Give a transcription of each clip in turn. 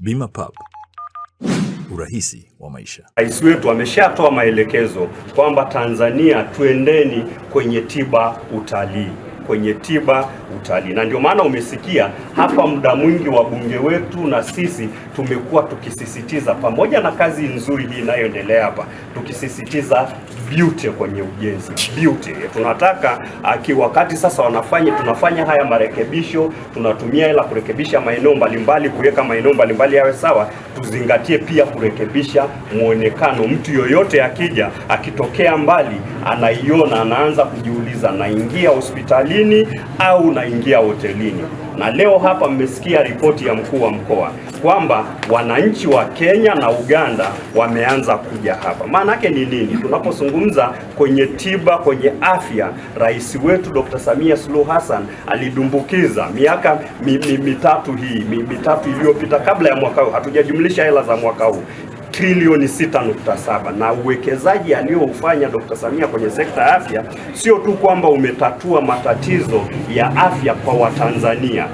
Bima Pub, urahisi wa maisha. Rais wetu ameshatoa maelekezo kwamba Tanzania tuendeni kwenye tiba utalii kwenye tiba, utalii, na ndio maana umesikia hapa muda mwingi wa bunge wetu na sisi tumekuwa tukisisitiza, pamoja na kazi nzuri hii inayoendelea hapa, tukisisitiza beauty kwenye ujenzi beauty. Tunataka aki ah, wakati sasa wanafanya tunafanya haya marekebisho, tunatumia hela kurekebisha maeneo mbalimbali, kuweka maeneo mbalimbali yawe sawa, tuzingatie pia kurekebisha mwonekano. Mtu yoyote akija akitokea mbali, anaiona anaanza kujiuliza, naingia hospitali ofisini au unaingia hotelini. Na leo hapa mmesikia ripoti ya mkuu wa mkoa kwamba wananchi wa Kenya na Uganda wameanza kuja hapa. Maana yake ni nini? Tunapozungumza kwenye tiba, kwenye afya, rais wetu Dr. Samia Suluhu Hassan alidumbukiza miaka mi, mi, mitatu hii mi, mitatu iliyopita kabla ya mwaka huu, hatujajumlisha hela za mwaka huu trilioni 6.7 na uwekezaji aliyoufanya Dr. Samia kwenye sekta ya afya sio tu kwamba umetatua matatizo ya afya kwa Watanzania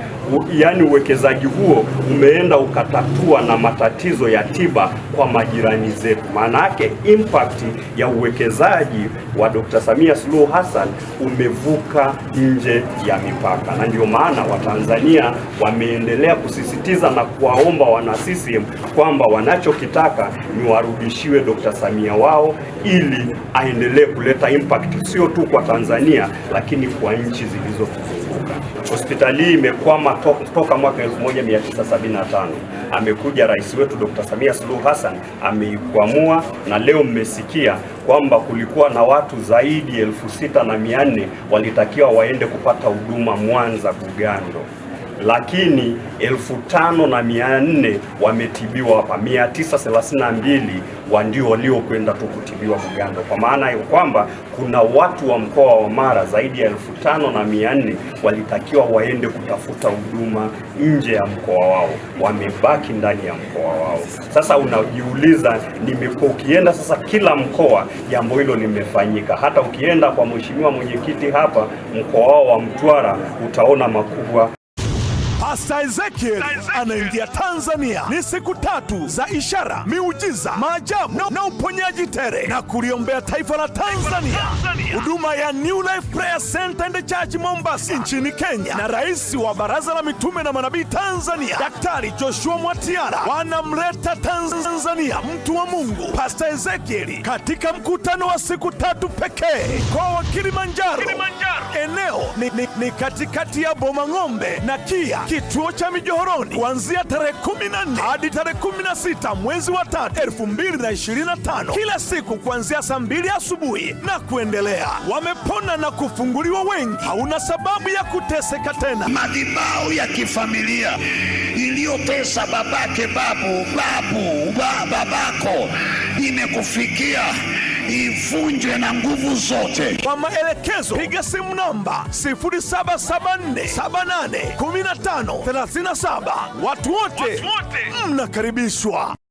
yaani uwekezaji huo umeenda ukatatua na matatizo ya tiba kwa majirani zetu. Maana yake impact ya uwekezaji wa Dr. Samia Suluhu Hassan umevuka nje ya mipaka, na ndio maana Watanzania wameendelea kusisitiza na kuwaomba wana CCM kwamba wanachokitaka ni warudishiwe Dr. Samia wao ili aendelee kuleta impact sio tu kwa Tanzania, lakini kwa nchi zilizo hospitali hii imekwama to, toka mwaka 1975. Amekuja rais wetu Dr. Samia Suluhu Hassan ameikwamua, na leo mmesikia kwamba kulikuwa na watu zaidi elfu sita na mia nne walitakiwa waende kupata huduma Mwanza Bugando lakini elfu tano na mia nne wametibiwa hapa, mia tisa thelathini na mbili wandio waliokwenda tu kutibiwa Bugando, kwa maana ya kwamba kuna watu wa mkoa wa Mara zaidi ya elfu tano na mia nne walitakiwa waende kutafuta huduma nje ya mkoa wao, wamebaki ndani ya mkoa wao. Sasa unajiuliza, nimekuwa ukienda sasa kila mkoa jambo hilo limefanyika. Hata ukienda kwa mheshimiwa mwenyekiti hapa mkoa wao wa Mtwara utaona makubwa Pasta Ezekiel anaingia Tanzania. Ni siku tatu za ishara, miujiza, maajabu na, na uponyaji tere na kuliombea taifa la Tanzania. Huduma ya New Life Prayer Center and Church Mombasa nchini Kenya na rais wa Baraza la Mitume na Manabii Tanzania Daktari Joshua Mwatiara wanamleta Tanzania mtu wa Mungu Pasta Ezekiel katika mkutano wa siku tatu pekee mkoa wa Kilimanjaro. Eneo ni, ni, ni katikati ya boma ngombe na Kia kituo cha Mijohoroni kuanzia tarehe kumi na nne hadi tarehe kumi na sita mwezi wa tatu tano kila siku kuanzia saa mbili asubuhi na kuendelea. Wamepona na kufunguliwa wengi, hauna sababu ya kuteseka tena. Madhabahu ya kifamilia iliyotesa babake, babu, babu, babako imekufikia ivunjwe na nguvu zote. Kwa maelekezo piga simu namba 0774781537. Watu wote mnakaribishwa.